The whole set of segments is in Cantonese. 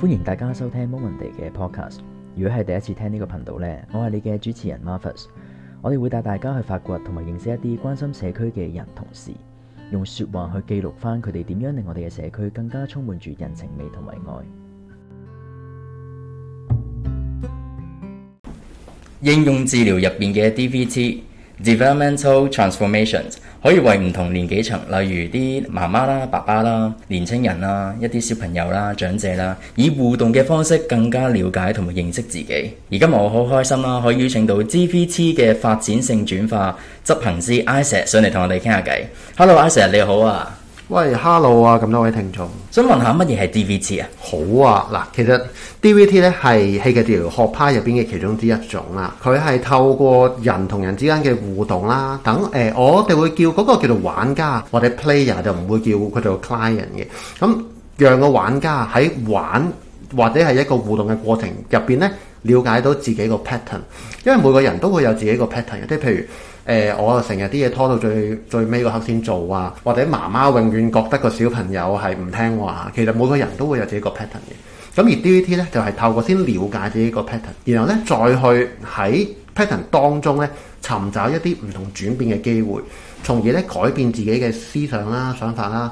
歡迎大家收聽 Momenday 嘅 podcast。如果係第一次聽呢個頻道呢，我係你嘅主持人 Marvis。我哋會帶大家去發掘同埋認識一啲關心社區嘅人同事，同時用說話去記錄翻佢哋點樣令我哋嘅社區更加充滿住人情味同埋愛。應用治療入邊嘅 DvT。Developmental Transformations 可以為唔同年紀層，例如啲媽媽啦、爸爸啦、年輕人啦、一啲小朋友啦、長者啦，以互動嘅方式更加了解同埋認識自己。而家我好開心啦，可以邀請到 DvT 嘅發展性轉化執行師 Isaac 上嚟同我哋傾下偈。Hello，Isaac 你好啊！喂，Hello 啊！咁多位聽眾，想問下乜嘢係 DvT 啊？好啊，嗱，其實 DvT 咧係戲劇治療學派入邊嘅其中之一種啦。佢係透過人同人之間嘅互動啦，等誒、呃，我哋會叫嗰個叫做玩家，或者 player 就唔會叫佢做 client 嘅。咁讓個玩家喺玩或者係一個互動嘅過程入邊咧，了解到自己個 pattern，因為每個人都會有自己個 pattern 嘅，即係譬如。誒、呃，我成日啲嘢拖到最最尾個刻先做啊，或者媽媽永遠覺得個小朋友係唔聽話。其實每個人都會有自己個 pattern 嘅。咁而 DvT 呢，就係、是、透過先了解自己個 pattern，然後呢，再去喺 pattern 當中呢，尋找一啲唔同轉變嘅機會，從而呢，改變自己嘅思想啦、想法啦。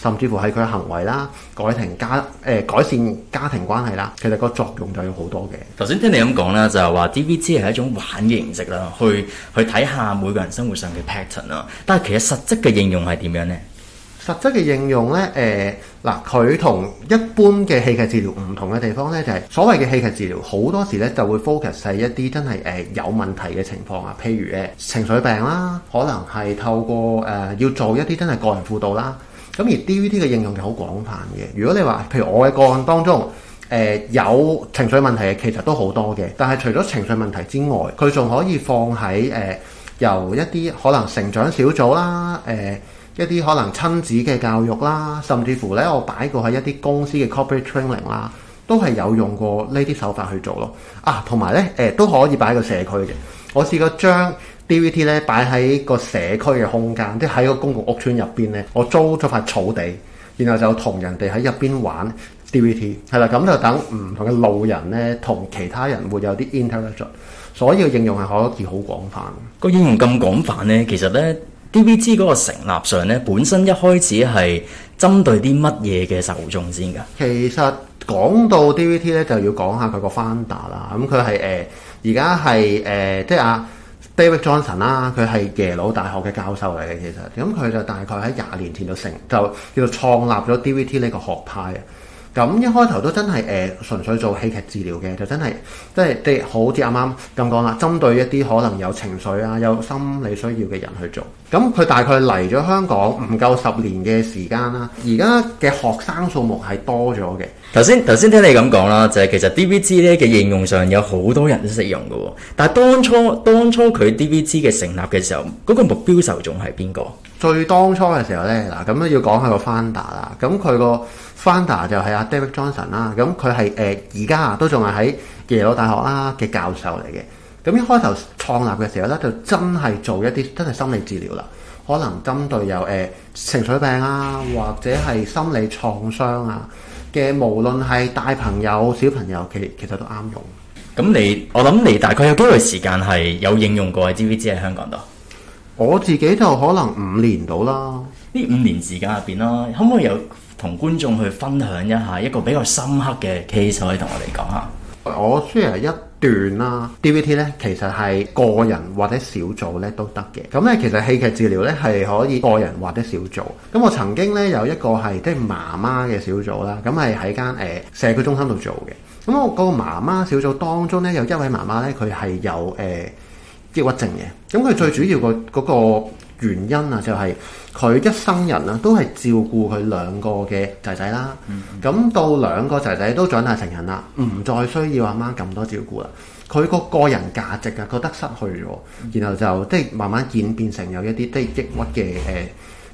甚至乎係佢嘅行為啦、改停家誒、呃、改善家庭關係啦，其實個作用就有好多嘅。頭先聽你咁講啦，就係話 DvT 係一種玩嘅形式啦，去去睇下每個人生活上嘅 pattern 啦。但係其實實質嘅應用係點樣呢？實質嘅應用呢，誒、呃、嗱，佢同一般嘅戲劇治療唔同嘅地方呢，就係、是、所謂嘅戲劇治療好多時呢就會 focus 喺一啲真係誒有問題嘅情況啊，譬如誒情緒病啦，可能係透過誒、呃、要做一啲真係個人輔導啦。咁而 DvT 嘅應用就好廣泛嘅。如果你話，譬如我嘅個案當中，誒、呃、有情緒問題嘅，其實都好多嘅。但係除咗情緒問題之外，佢仲可以放喺誒、呃、由一啲可能成長小組啦，誒、呃、一啲可能親子嘅教育啦，甚至乎咧我擺過喺一啲公司嘅 Corporate Training 啦，都係有用過呢啲手法去做咯。啊，同埋咧誒都可以擺個社區嘅。我試過將 DVT 咧擺喺個社區嘅空間，即喺個公共屋邨入邊咧，我租咗塊草地，然後就同人哋喺入邊玩 DVT，係啦，咁就等唔同嘅路人咧同其他人會有啲 interaction，所以應用係可以好廣泛。個應用咁廣泛咧，其實咧 DVT 嗰個成立上咧本身一開始係針對啲乜嘢嘅受眾先㗎？其實講到 DVT 咧，就要講下佢個 founder 啦，咁佢係誒。而家係誒，即係阿 David Johnson 啦，佢係耶魯大學嘅教授嚟嘅，其實，咁佢就大概喺廿年前就成就叫做創立咗 DvT 呢個學派啊。咁一開頭都真係誒、呃、純粹做戲劇治療嘅，就真係即係啲好似啱啱咁講啦，針對一啲可能有情緒啊、有心理需要嘅人去做。咁佢大概嚟咗香港唔夠十年嘅時間啦、啊，而家嘅學生數目係多咗嘅。頭先頭先聽你咁講啦，就係、是、其實 D V T 咧嘅應用上有好多人都適用嘅，但係當初當初佢 D V T 嘅成立嘅時候，嗰、那個目標受眾係邊個？最當初嘅時候咧，嗱咁樣要講下個 founder 啦。咁佢個 founder 就係阿 David Johnson 啦。咁佢係誒而家啊都仲係喺耶魯大學啦嘅教授嚟嘅。咁一開頭創立嘅時候咧，就真係做一啲真係心理治療啦。可能針對有誒、呃、情緒病啊，或者係心理創傷啊嘅，無論係大朋友、小朋友，其其實都啱用。咁你我諗你大概有幾耐時間係有應用過 DvT 喺香港度？我自己就可能五年到啦，呢五年時間入邊啦，可唔可以有同觀眾去分享一下一個比較深刻嘅 case 可以同我哋講下？我 share 一段啦，DvT 咧，其實係個人或者小組咧都得嘅。咁咧，其實戲劇治療咧係可以個人或者小組。咁我曾經咧有一個係即係媽媽嘅小組啦，咁係喺間誒社區中心度做嘅。咁我嗰個媽媽小組當中咧有一位媽媽咧，佢係有誒。呃抑鬱症嘅，咁佢最主要個嗰原因啊，就係佢一生人啦，都係照顧佢兩個嘅仔仔啦。咁、嗯嗯、到兩個仔仔都長大成人啦，唔、嗯、再需要阿媽咁多照顧啦。佢個、嗯、個人價值啊，覺得失去咗，嗯、然後就即係慢慢演變，變成有一啲即係抑鬱嘅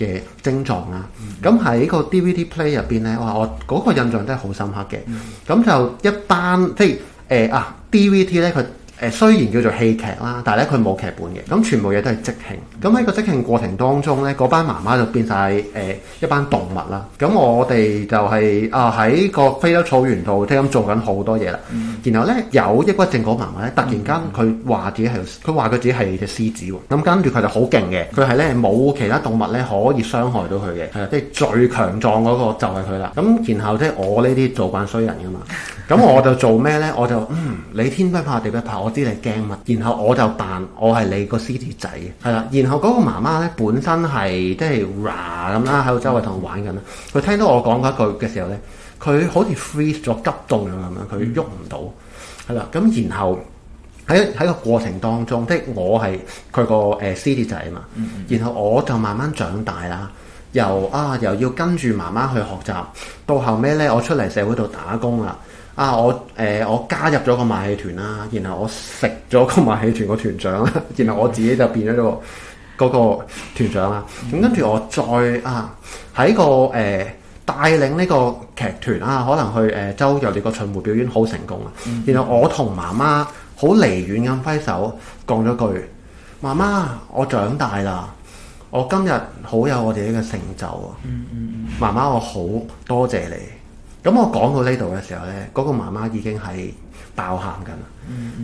誒嘅症狀啦。咁喺、嗯嗯、個 D V T play 入邊咧，我我嗰個印象都係好深刻嘅。咁、嗯嗯、就一班，即係誒啊 D V T 咧，佢。誒雖然叫做戲劇啦，但係咧佢冇劇本嘅，咁全部嘢都係即興。咁喺個即興過程當中咧，嗰班媽媽就變晒誒、呃、一班動物啦。咁我哋就係、是、啊喺個非洲草原度即咁做緊好多嘢啦。嗯、然後咧有抑鬱症嗰媽媽咧，突然間佢話自己係佢話佢自己係隻獅子喎。咁跟住佢就好勁嘅，佢係咧冇其他動物咧可以傷害到佢嘅，係啊，即係最強壯嗰個就係佢啦。咁然後即係我呢啲做慣衰人噶嘛。咁我就做咩咧？我就嗯，你天不怕地不怕，我知你驚乜。然後我就扮我係你個 C T 仔嘅，係啦。然後嗰個媽媽咧，本身係即係哇咁啦，喺、呃、度周圍同我玩緊啦。佢聽到我講嗰一句嘅時候咧，佢好似 freeze 咗、急凍咁樣，佢喐唔到，係啦。咁然後喺喺個過程當中，即係我係佢個誒 C T 仔啊嘛。嗯嗯。然後我就慢慢長大啦，又，啊又要跟住媽媽去學習，到後尾咧，我出嚟社會度打工啦。啊！我誒、呃、我加入咗個馬戲團啦，然後我食咗個馬戲團個團長啦，然後我自己就變咗、那個嗰、那個團長啦。咁跟住我再啊喺個誒帶、呃、領呢個劇團啊，可能去誒、呃、周遊你個巡迴表演好成功啊。嗯、然後我同媽媽好離遠咁揮手，講咗句媽媽，我長大啦，我今日好有我自己嘅成就啊、嗯！嗯嗯嗯，媽媽我好多謝你。咁我講到呢度嘅時候呢，嗰個媽媽已經係爆喊緊啦，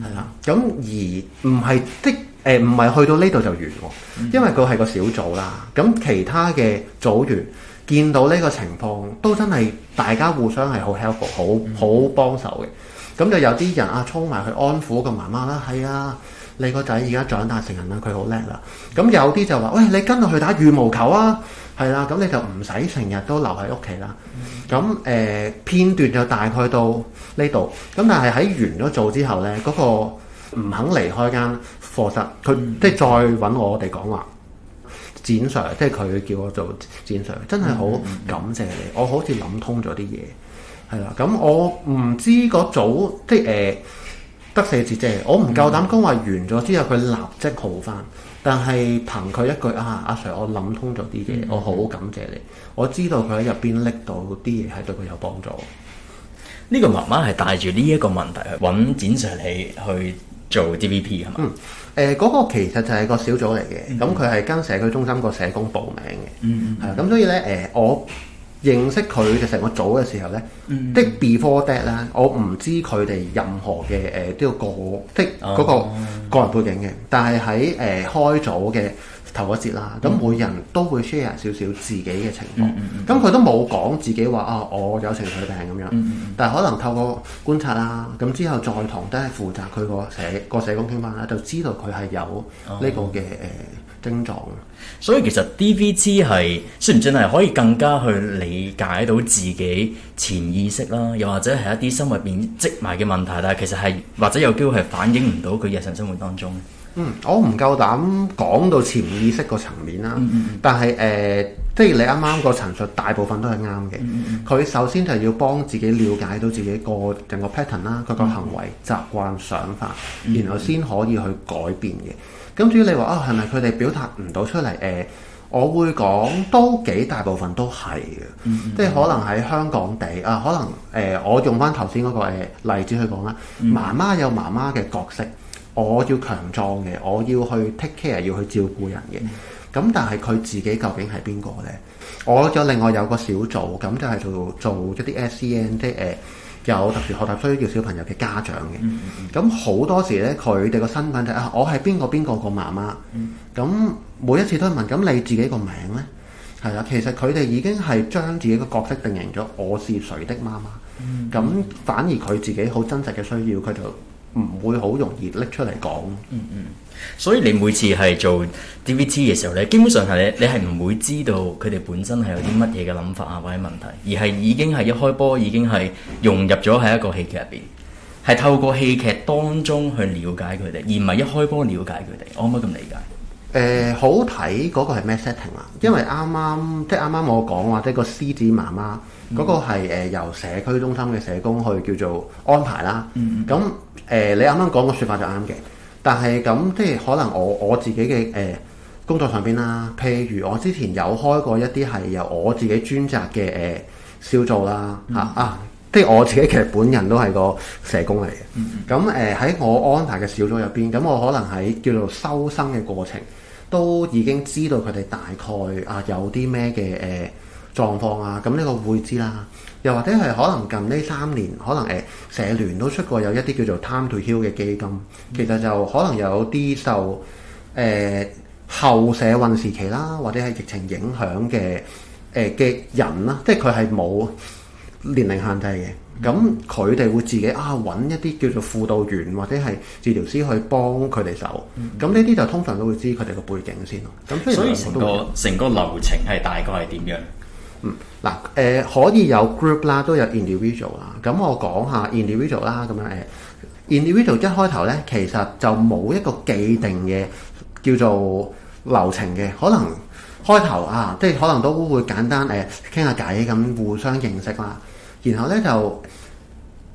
係啦，嗯嗯。咁而唔係即係誒，唔係去到呢度就完喎，啊，嗯，因為佢係個小組啦。咁其他嘅組員見到呢個情況，都真係大家互相係好 helpful，好好，嗯，幫手嘅。咁就有啲人啊，衝埋去安撫個媽媽啦，係啊。你個仔而家長大成人啦，佢好叻啦。咁有啲就話，喂，你跟落去打羽毛球啊，係啦。咁你就唔使成日都留喺屋企啦。咁誒、嗯呃、片段就大概到呢度。咁但係喺完咗組之後咧，嗰、那個唔肯離開間課室，佢、嗯、即係再揾我哋講話。展 Sir，即係佢叫我做展 Sir，真係好感謝你。嗯、我好似諗通咗啲嘢，係啦。咁我唔知個組即係得四次啫，我唔夠膽講話完咗之後佢、嗯、立即好翻，但係憑佢一句啊，阿、啊、Sir 我諗通咗啲嘢，嗯、我好感謝你，我知道佢喺入邊拎到啲嘢係對佢有幫助。呢個媽媽係帶住呢一個問題去揾展上 i 你去做 DVP 係嘛？嗯，嗰、呃那個其實就係個小組嚟嘅，咁佢係跟社區中心個社工報名嘅，嗯嗯，係啊，咁所以呢，誒、呃、我。認識佢嘅成個組嘅時候呢，嗯嗯的 before that 啦，我唔知佢哋任何嘅誒、呃、都要個即係嗰個個人背景嘅。但係喺誒開組嘅頭一節啦，咁、啊、每人都會 share 少少自己嘅情況。咁佢、嗯嗯嗯、都冇講自己話啊，我有情緒病咁樣。但係可能透過觀察啦，咁、啊、之後再同都係負責佢個社個、嗯嗯、社工傾翻啦，就知道佢係有呢個嘅誒。嗯嗯精確，所以其實 D V T 係算唔算係可以更加去理解到自己潛意識啦，又或者係一啲生活邊積埋嘅問題，但係其實係或者有機會係反映唔到佢日常生活當中。嗯，我唔夠膽講到潛意識個層面啦，嗯嗯，但係誒，即、呃、係、就是、你啱啱個陳述大部分都係啱嘅。佢、嗯嗯、首先就要幫自己了解到自己個整個 pattern 啦，個個行為嗯嗯、習慣想法，然後先可以去改變嘅。咁至於你話啊，係咪佢哋表達唔到出嚟？誒、呃，我會講都幾大部分都係嘅，嗯嗯、即係可能喺香港地啊，可能誒、呃，我用翻頭先嗰個例子去講啦。媽媽有媽媽嘅角色，我要強壯嘅，我要去 take care，要去照顧人嘅。咁、嗯、但係佢自己究竟係邊個咧？我就另外有個小組，咁就係做做一啲 SCN 即係誒。呃有特殊學習需要小朋友嘅家長嘅，咁好、嗯嗯、多時呢，佢哋個身份就係、是、啊，我係邊個邊個個媽媽。咁、嗯、每一次都係問，咁你自己個名呢？係啦，其實佢哋已經係將自己個角色定型咗，我是誰的媽媽。咁、嗯嗯、反而佢自己好真實嘅需要，佢就。唔會好容易拎出嚟講，嗯嗯，所以你每次係做 DVT 嘅時候咧，基本上係你你係唔會知道佢哋本身係有啲乜嘢嘅諗法啊或者問題，而係已經係一開波已經係融入咗喺一個戲劇入邊，係透過戲劇當中去了解佢哋，而唔係一開波了解佢哋，可唔可以咁理解？誒、呃、好睇嗰個係咩 setting 啦？因為啱啱即係啱啱我講話，即、就、係、是、個獅子媽媽嗰、嗯、個係由社區中心嘅社工去叫做安排啦。咁誒、嗯嗯呃、你啱啱講個説法就啱嘅，但係咁即係可能我我自己嘅誒、呃、工作上邊啦。譬如我之前有開過一啲係由我自己專責嘅誒、呃、小組啦嚇、嗯、啊，即、啊、係、就是、我自己其實本人都係個社工嚟嘅。咁誒喺我安排嘅小組入邊，咁我可能喺叫做收生嘅過程，都已經知道佢哋大概啊有啲咩嘅誒狀況啊，咁、這、呢個會知啦。又或者係可能近呢三年，可能誒社聯都出過有一啲叫做 Time To Heal 嘅基金，其實就可能有啲受誒、呃、後社運時期啦，或者係疫情影響嘅誒嘅人啦，即係佢係冇年齡限制嘅。咁佢哋會自己啊揾一啲叫做輔導員或者係治療師去幫佢哋手。咁呢啲就通常都會知佢哋個背景先咯。咁所以成個成會個流程係大概係點樣？嗯，嗱、呃，誒可以有 group 啦，都有 individual 啦，嗯。咁我講下 individual 啦，嗯。咁樣誒，individual 一開頭咧，其實就冇一個既定嘅叫做流程嘅，可能開頭啊，即係可能都會簡單誒傾下偈咁互相認識啦。啊然後咧就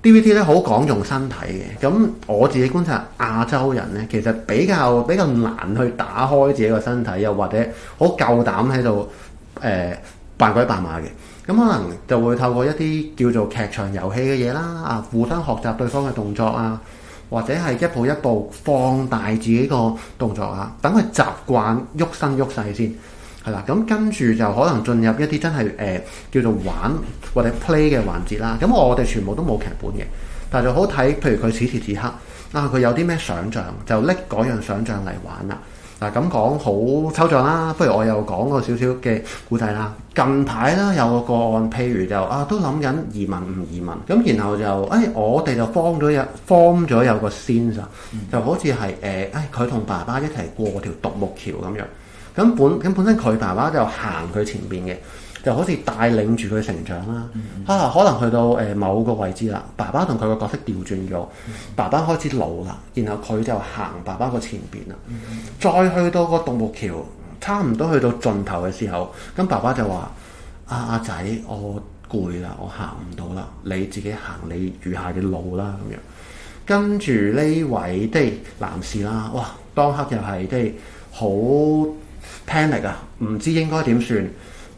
DvT 咧好講重身體嘅，咁我自己觀察亞洲人咧，其實比較比較難去打開自己個身體，又或者好夠膽喺度誒扮鬼扮馬嘅，咁、呃、可能就會透過一啲叫做劇場遊戲嘅嘢啦，啊互相學習對方嘅動作啊，或者係一步一步放大自己個動作啊，等佢習慣喐身喐勢先。係啦，咁、嗯、跟住就可能進入一啲真係誒、呃、叫做玩或者 play 嘅環節啦。咁、嗯、我哋全部都冇劇本嘅，但係就好睇，譬如佢此時此刻啊，佢有啲咩想像，就拎嗰樣想像、啊啊、像嚟玩啦。嗱咁講好抽象啦，不如我又講個少少嘅故仔啦。近排啦有個個案，譬如就啊都諗緊移民唔移民，咁、啊、然後就誒、哎、我哋就 form 咗有 form 咗有個 scene 就好似係誒誒佢同爸爸一齊過條獨木橋咁樣。咁本咁本身佢爸爸就行佢前邊嘅，就好似帶領住佢成長啦。啊、嗯嗯，可能去到誒、呃、某個位置啦，爸爸同佢個角色調轉咗。嗯嗯，爸爸開始老啦，然後佢就行爸爸個前邊啦。嗯嗯，再去到個獨木橋，差唔多去到盡頭嘅時候，咁爸爸就話：啊，阿仔，我攰啦，我行唔到啦，你自己行你餘下嘅路啦咁樣。跟住呢位的男士啦，哇，當刻又係即係，好～Panic 啊，唔知應該點算，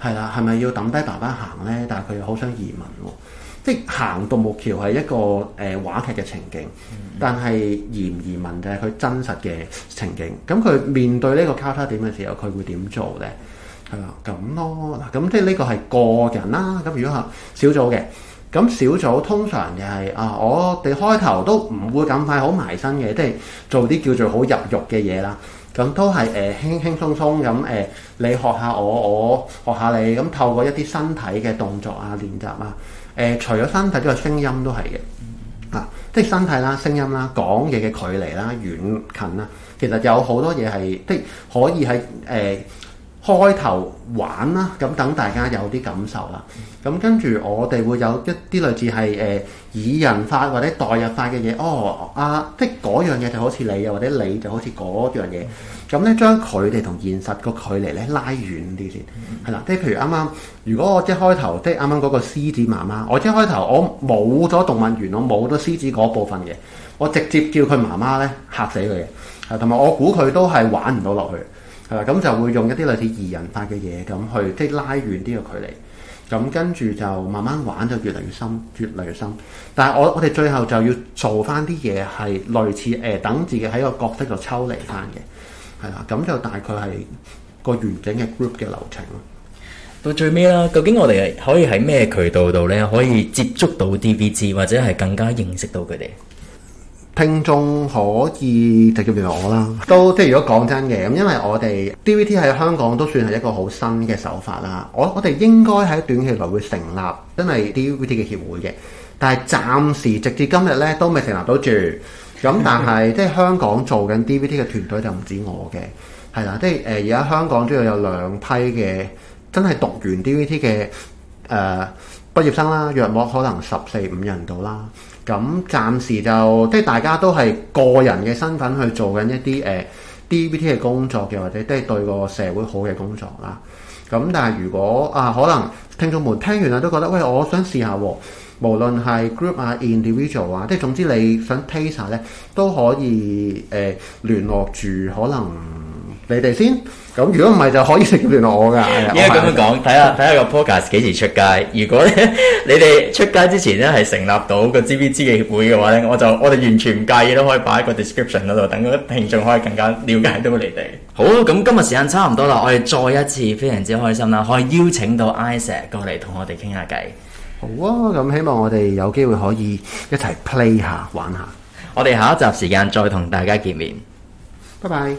係啦，係咪要等低爸爸行呢？但係佢好想移民喎、啊，即係行獨木橋係一個誒、呃、話劇嘅情景，但係移唔移民就係佢真實嘅情景，咁佢面對呢個交叉點嘅時候，佢會點做呢？係啦、啊，咁咯，嗱，咁即係呢個係個人啦、啊。咁如果係小組嘅，咁小組通常就係、是、啊，我哋開頭都唔會咁快好埋身嘅，即係做啲叫做好入肉嘅嘢啦。咁都係誒輕輕鬆鬆咁誒，你學下我，我學下你，咁透過一啲身體嘅動作啊、練習啊，誒、呃、除咗身體，都有聲音都係嘅，啊，即係身體啦、聲音啦、講嘢嘅距離啦、遠近啦，其實有好多嘢係即係可以喺。誒、呃。開頭玩啦，咁等大家有啲感受啦。咁、嗯、跟住我哋會有一啲類似係誒擬人化或者代入化嘅嘢。哦，啊，即係嗰樣嘢就好似你，又或者你就好似嗰樣嘢。咁咧將佢哋同現實個距離咧拉遠啲先，係啦、嗯。即係譬如啱啱，如果我一開頭，即係啱啱嗰個獅子媽媽，我一開頭我冇咗動物園，我冇咗獅子嗰部分嘢，我直接叫佢媽媽咧，嚇死佢嘅，係同埋我估佢都係玩唔到落去。係啦，咁 就會用一啲類似擬人化嘅嘢咁去，即係拉遠啲嘅距離。咁跟住就慢慢玩就越嚟越深，越嚟越深。但係我我哋最後就要做翻啲嘢係類似誒、欸，等自己喺個角色度抽離翻嘅。係啦，咁就大概係個完整嘅 group 嘅流程。到最尾啦，究竟我哋可以喺咩渠道度咧，可以接觸到 DvT 或者係更加認識到佢哋？聽眾可以就叫埋我啦，都即係如果講真嘅咁，因為我哋 DVT 喺香港都算係一個好新嘅手法啦。我我哋應該喺短期內會成立真係 DVT 嘅協會嘅，但係暫時直至今日呢都未成立到住。咁但係 即係香港做緊 DVT 嘅團隊就唔止我嘅，係啦，即係誒而家香港都有兩批嘅真係讀完 DVT 嘅誒、呃、畢業生啦，約莫可能十四五人度啦。咁暫時就即係大家都係個人嘅身份去做緊一啲誒 DvT 嘅工作嘅，或者都係對個社會好嘅工作啦。咁但係如果啊，可能聽眾們聽完啊，都覺得喂，我想試下喎。無論係 group 啊、individual 啊，即係總之你想 test 咧，都可以誒、呃、聯絡住可能，你哋先，咁如果唔係，就可以直接聯絡我噶。依家咁樣講，睇下睇下個 podcast 幾時出街。如果咧你哋出街之前咧係成立到個 G B 支協會嘅話咧，我就我哋完全唔介意都可以擺喺個 description 嗰度，等啲聽眾可以更加了解到你哋。好，咁今日時間差唔多啦，我哋再一次非常之開心啦，可以邀請到 Isaac 過嚟同我哋傾下偈。好啊，咁希望我哋有機會可以一齊 play 下玩下。玩下，我哋下一集時間再同大家見面。拜拜。